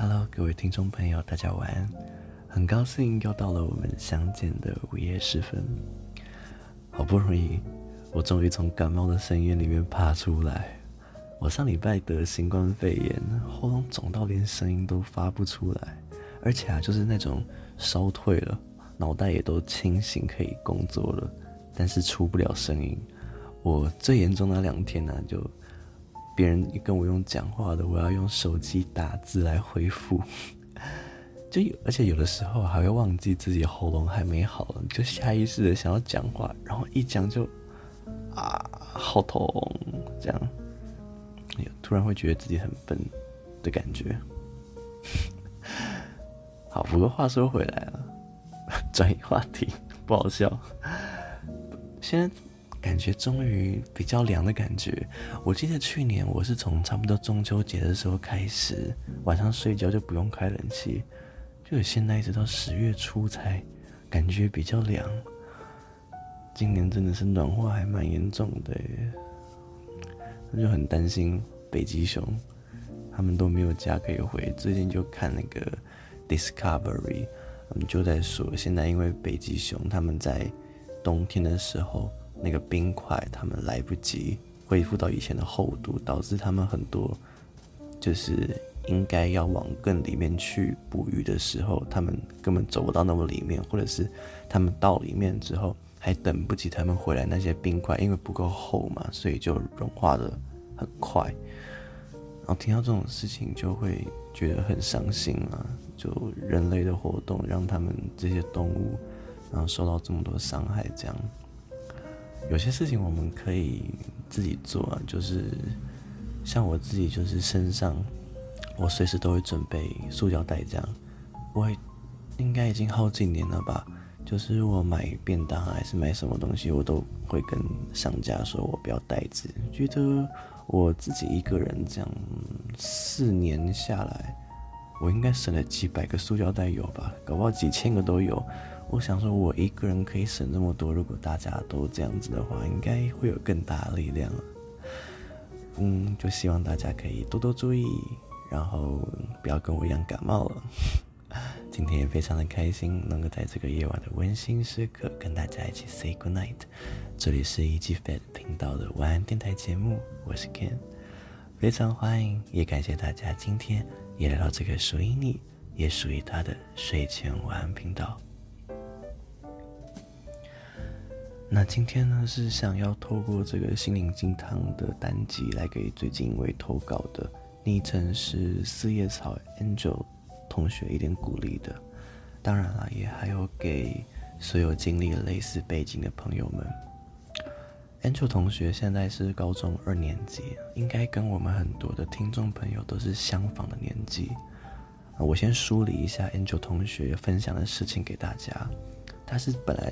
Hello，各位聽眾朋友，大家晚安。很高興又到了我們相見的午夜時分。好不容易，我終於從感冒的深淵裡面爬出來。我上禮拜得新冠肺炎，喉嚨腫到連聲音都發不出來，而且啊，就是那種燒退了，腦袋也都清醒，可以工作了，但是出不了聲音。我最嚴重的那兩天呢、啊，就。別人跟我用講話的，我要用手機打字來回覆，就有而且有的時候還會忘記自己喉嚨還沒好，就下意識的想要講話，然後一講就啊好痛，這樣、哎，突然會覺得自己很笨的感覺。好，不過話說回來了，轉移話題不好笑，先。感覺終於比較涼的感覺。我記得去年我是從差不多中秋節的時候開始，晚上睡覺就不用開冷氣，就是現在一直到十月初才感覺比較涼。今年真的是暖化還蠻嚴重的耶，他就很擔心北極熊，他們都沒有家可以回。最近就看那個 Discovery，他們就在說現在因為北極熊他們在冬天的時候。那個冰塊，他們來不及恢復到以前的厚度，導致他們很多就是應該要往更裡面去捕魚的時候，他們根本走不到那麼裡面，或者是他們到裡面之後還等不及他們回來，那些冰塊因為不夠厚嘛，所以就融化的很快。然後聽到這種事情就會覺得很傷心啊，就人類的活動讓他們這些動物然後受到這麼多傷害，這樣。有些事情我們可以自己做，啊，就是像我自己，就是身上我隨時都會準備塑膠袋這樣，我應該已經好幾年了吧。就是我買便當啊，還是買什麼東西，我都會跟商家說我不要袋子，覺得我自己一個人這樣四年下來，我應該省了幾百個塑膠袋有吧，搞不好幾千個都有。我想說，我一個人可以省這麼多。如果大家都這樣子的話，應該會有更大的力量。嗯，就希望大家可以多多注意，然後不要跟我一樣感冒了。 今天也非常的開心，能夠在這個夜晚的溫馨時刻跟大家一起 say good night。這裡是伊吉 Fat 頻道的晚安電台節目，我是 Ken，非常歡迎，也感謝大家今天也來到這個屬於你，也屬於他的睡前晚安頻道。那今天呢，是想要透過這個心靈雞湯的單集，來給最近一位投稿的昵稱是四葉草 Angel 同學一點鼓勵的。當然了，也還有給所有經歷了類似背景的朋友們。Angel 同學現在是高中二年級，應該跟我們很多的聽眾朋友都是相仿的年紀。我先梳理一下 Angel 同學分享的事情給大家。他是本來。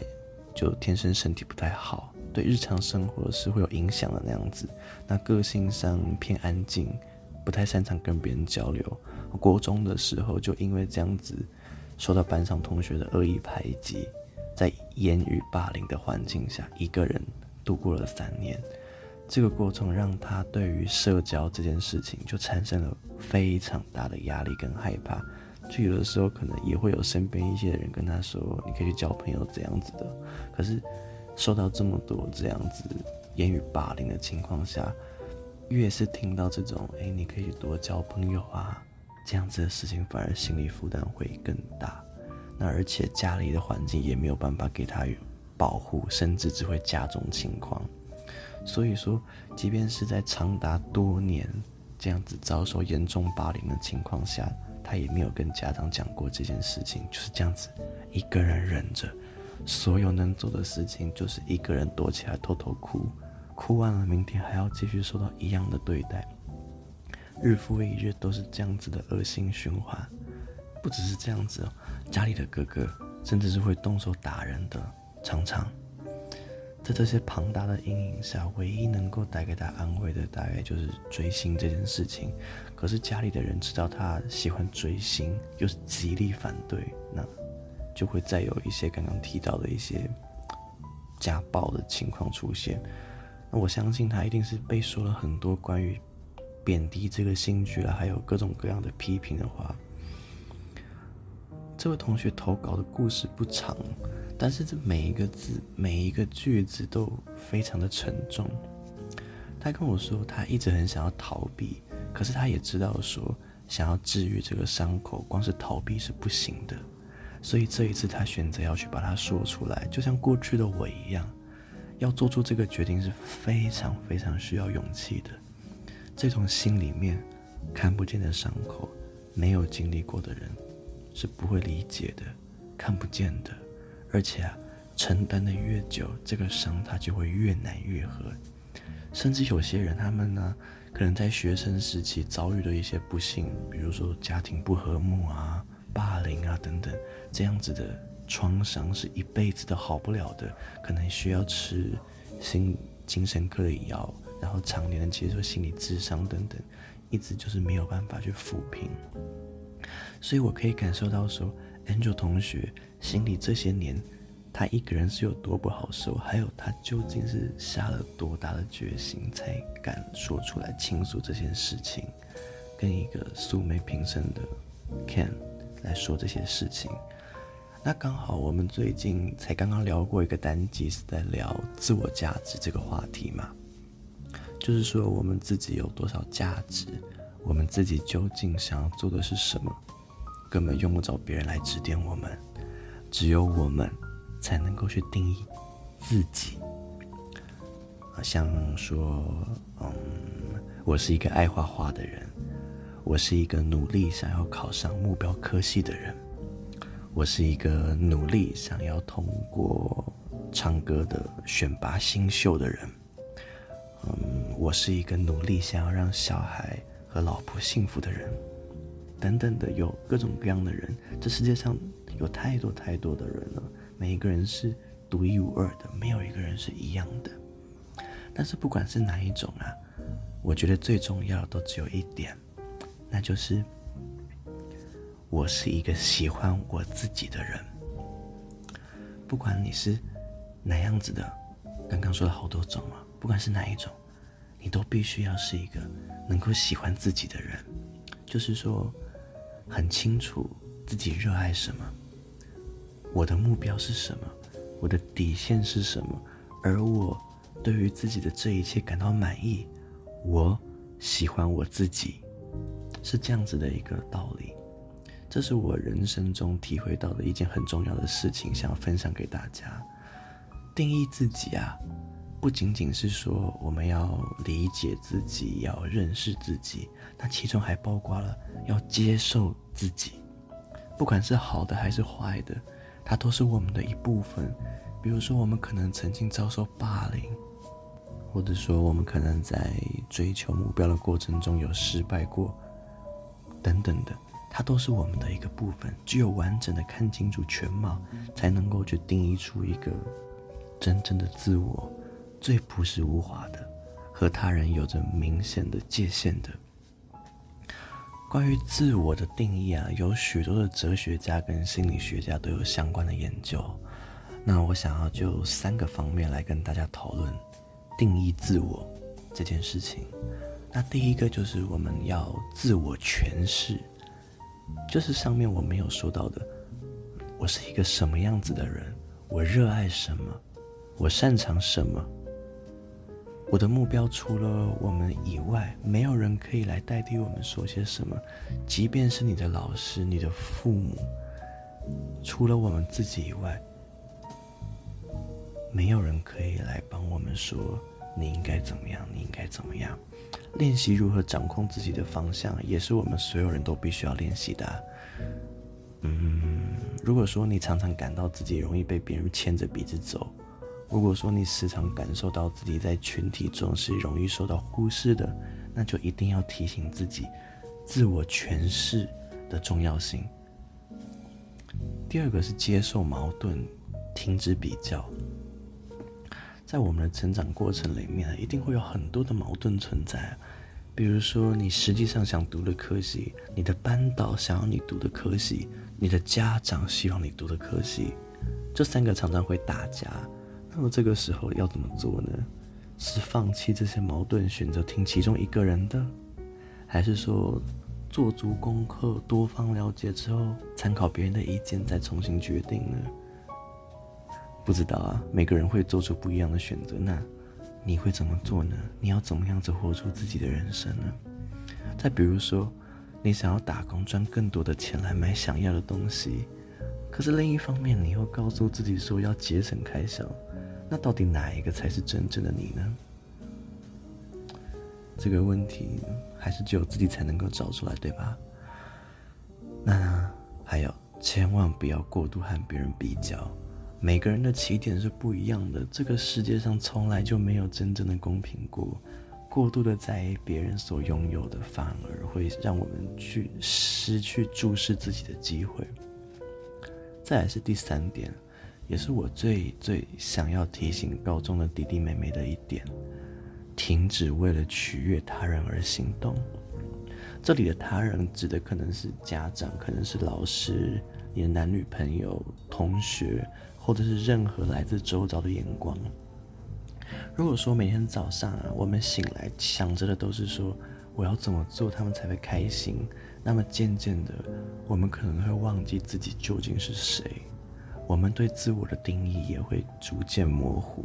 就天生身體不太好，對日常生活是會有影響的那樣子。那個性上偏安靜，不太擅長跟別人交流。國中的時候就因為這樣子，受到班上同學的惡意排擠，在言語霸凌的環境下，一個人度過了三年。這個過程讓他對於社交這件事情就產生了非常大的壓力跟害怕。就有的時候可能也會有身邊一些人跟他說，你可以去交朋友，這樣子的。可是受到這麼多這樣子言語霸凌的情況下，越是聽到這種“誒，你可以多交朋友啊”這樣子的事情，反而心理負擔會更大。那而且家裡的環境也沒有辦法給他保護，甚至只會加重情況。所以說，即便是在長達多年這樣子遭受嚴重霸凌的情況下，他也沒有跟家長講過這件事情，就是這樣子，一個人忍着，所有能做的事情就是一個人躲起來偷偷哭，哭完了明天還要繼續受到一樣的對待，日復一日都是這樣子的惡性循環。不只是這樣子哦，家裡的哥哥甚至是會動手打人的，常常。在這，這些龐大的陰影下，唯一能夠帶給他安慰的，大概就是追星這件事情。可是家裡的人知道他喜歡追星，又是極力反對，那就會再有一些剛剛提到的一些家暴的情況出現。那我相信他一定是被說了很多關於貶低這個興趣了，還有各種各樣的批評的話。這位同學投稿的故事不長。但是這每一個字，每一個句子都非常的沉重。他跟我說，他一直很想要逃避，可是他也知道說，想要治癒這個傷口，光是逃避是不行的。所以這一次，他選擇要去把它說出來，就像過去的我一樣，要做出這個決定是非常非常需要勇氣的。這種心裡面看不見的傷口，沒有經歷過的人是不會理解的，看不見的。而且、啊，承擔的越久，這個傷它就會越難癒合。甚至有些人，他們呢、啊，可能在學生時期遭遇了一些不幸，比如說家庭不和睦啊、霸凌啊等等，這樣子的創傷是一輩子都好不了的，可能需要吃心精神科的藥，然後常年的接受心理治療等等，一直就是沒有辦法去撫平。所以我可以感受到說。Angel 同學心裡這些年，他一個人是有多不好受，還有他究竟是下了多大的決心才敢說出來傾訴這些事情，跟一個素昧平生的 Ken 來說這些事情。那剛好我們最近才剛剛聊過一個單集是在聊自我價值這個話題嘛，就是說我們自己有多少價值？我們自己究竟想要做的是什麼？根本用不着別人來指點我們，只有我們才能夠去定義自己。好像說，嗯，我是一個愛畫畫的人，我是一個努力想要考上目標科系的人，我是一個努力想要通過唱歌的選拔新秀的人，嗯，我是一個努力想要讓小孩和老婆幸福的人。等等的，有各種各樣的人，這世界上有太多太多的人了。每一個人是獨一無二的，沒有一個人是一樣的。但是不管是哪一種啊，我覺得最重要的都只有一點，那就是我是一個喜歡我自己的人。不管你是哪樣子的，剛剛說了好多種啊，不管是哪一種，你都必須要是一個能夠喜歡自己的人，就是說。很清楚自己熱愛什麼，我的目標是什麼，我的底線是什麼，而我對於自己的這一切感到滿意，我喜歡我自己，是這樣子的一個道理。這是我人生中體會到的一件很重要的事情，想要分享給大家。定義自己啊。不僅僅是說我們要理解自己，要認識自己，那其中還包括了要接受自己，不管是好的還是壞的，它都是我們的一部分。比如說，我們可能曾經遭受霸凌，或者說我們可能在追求目標的過程中有失敗過，等等的，它都是我們的一個部分。只有完整的看清楚全貌，才能夠去定義出一個真正的自我。最樸實無華的，和他人有着明顯的界限的。關於自我的定義啊，有許多的哲學家跟心理學家都有相關的研究。那我想要就三個方面來跟大家討論定義自我這件事情。那第一個就是我們要自我詮釋，就是上面我沒有說到的，我是一個什麼樣子的人，我熱愛什麼，我擅長什麼。我的目標，除了我們以外，沒有人可以來代替我們說些什麼，即便是你的老師、你的父母。除了我們自己以外，沒有人可以來幫我們說，你應該怎麼樣，你應該怎麼樣。練習如何掌控自己的方向，也是我們所有人都必須要練習的啊。嗯，如果說你常常感到自己容易被別人牽着鼻子走，如果說你時常感受到自己在群體中是容易受到忽視的，那就一定要提醒自己，自我詮釋的重要性。第二個是接受矛盾，停止比較。在我們的成長過程裡面，一定會有很多的矛盾存在，比如說你實際上想讀的科系，你的班導想要你讀的科系，你的家長希望你讀的科系，這三個常常會打架。那麼這個時候要怎麼做呢？是放棄這些矛盾，選擇聽其中一個人的，還是說做足功課、多方了解之後，參考別人的意見再重新決定呢？不知道啊，每個人會做出不一樣的選擇。那你會怎麼做呢？你要怎麼樣子活出自己的人生呢？再比如說，你想要打工賺更多的錢來買想要的東西，可是另一方面，你又告訴自己說要節省開銷。那到底哪一個才是真正的你呢？這個問題還是只有自己才能夠找出來，對吧？那還有，千萬不要過度和別人比較，每個人的起點是不一樣的。這個世界上從來就沒有真正的公平過。過度的在意別人所擁有的，反而會讓我們去失去注視自己的機會。再來是第三點。也是我最最想要提醒高中的弟弟妹妹的一點：停止為了取悅他人而行動。這裡的“他人”指的可能是家長，可能是老師，你的男女朋友、同學，或者是任何來自周遭的眼光。如果說每天早上啊，我們醒來想着的都是說我要怎麼做他們才會開心，那麼漸漸的，我們可能會忘記自己究竟是誰。我們對自我的定義也會逐漸模糊。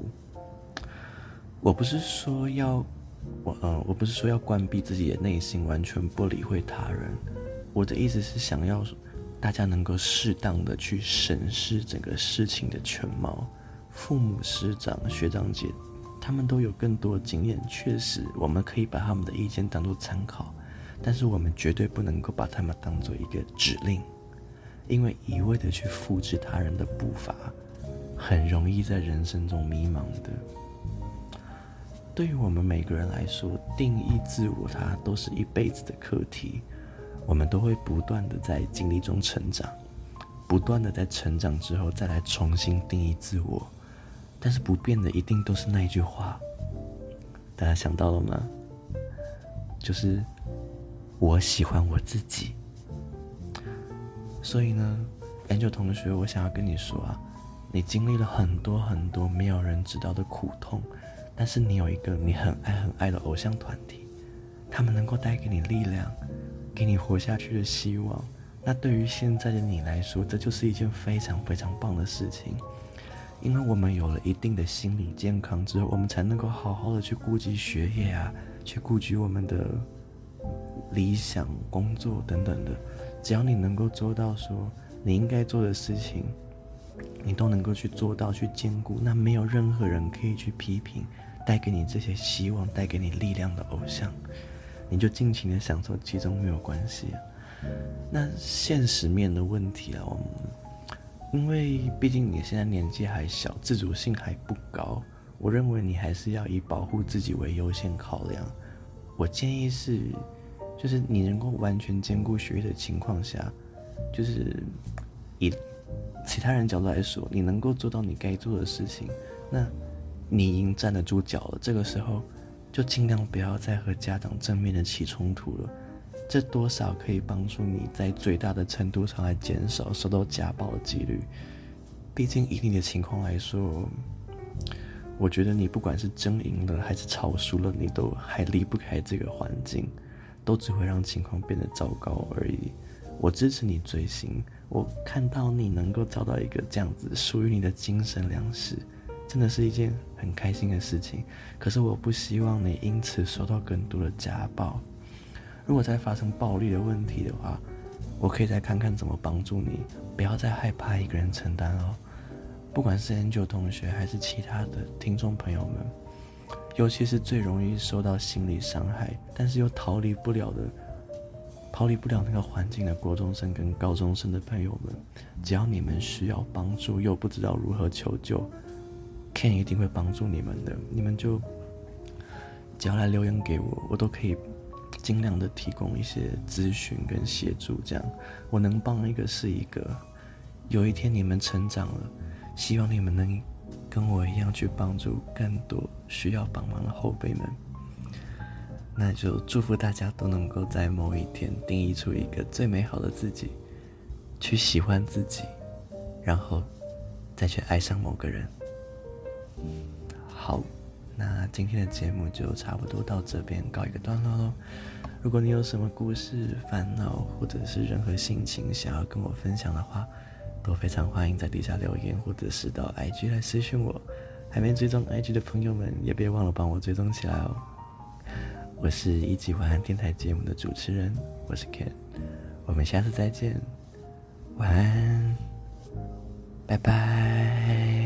我不是說要我呃，我不是說要關閉自己的內心，完全不理會他人。我的意思是想要大家能夠適當的去審視整個事情的全貌。父母、師長、學長姐，他們都有更多經驗，確實我們可以把他們的意見當作參考，但是我們絕對不能夠把他們當做一個指令。因為一味的去複制他人的步伐，很容易在人生中迷茫的。對於我們每個人來說，定義自我，它都是一輩子的課題。我們都會不斷的在經歷中成長，不斷的在成長之後再來重新定義自我。但是不變的一定都是那一句話，大家想到了嗎？就是我喜歡我自己。所以呢，ANGEL 同學，我想要跟你說啊，你經歷了很多很多沒有人知道的苦痛，但是你有一個你很愛很愛的偶像團體，他們能夠帶給你力量，給你活下去的希望。那對於現在的你來說，這就是一件非常非常棒的事情。因為我們有了一定的心理健康之後，我們才能夠好好的去顧及學業啊，去顧及我們的理想、工作等等的。只要你能夠做到說你應該做的事情，你都能夠去做到去兼顧，那沒有任何人可以去批評帶給你這些希望帶給你力量的偶像，你就盡情的享受其中沒有關係。那現實面的問題啊，我們因為畢竟你現在年紀還小，自主性還不高，我認為你還是要以保護自己為優先考量。我建議是。就是你能夠完全兼顧學業的情況下，就是以其他人角度來說，你能夠做到你該做的事情，那你已經站得住腳了。這個時候就儘量不要再和家長正面的起衝突了，這多少可以幫助你在最大的程度上來減少受到家暴的幾率。畢竟以你的情況來說，我覺得你不管是爭贏了還是吵輸了，你都還離不開這個環境。都只會讓情況變得糟糕而已。我支持你追星，我看到你能夠找到一個這樣子屬於你的精神糧食，真的是一件很開心的事情。可是我不希望你因此受到更多的家暴。如果再發生暴力的問題的話，我可以再看看怎麼幫助你，不要再害怕一個人承擔了、哦。不管是 ANGEL 同學還是其他的聽眾朋友們。尤其是最容易受到心理傷害，但是又逃離不了的，逃離不了那個環境的國中生跟高中生的朋友們，只要你們需要幫助，又不知道如何求救，Ken 一定會幫助你們的。你們就只要來留言給我，我都可以盡量的提供一些諮詢跟協助。這樣，我能幫一個是一個。有一天你們成長了，希望你們能。跟我一樣去幫助更多需要幫忙的後輩們，那就祝福大家都能夠在某一天定義出一個最美好的自己，去喜歡自己，然後再去愛上某個人。好，那今天的節目就差不多到這邊告一個段落嘍。如果你有什麼故事、煩惱或者是任何心情想要跟我分享的話，都非常歡迎在底下留言，或者是到 IG 來私訊我。還沒追蹤 IG 的朋友們，也別忘了幫我追蹤起來哦。我是伊吉晚安電台節目的主持人，我是 Ken。我們下次再見，晚安，拜拜。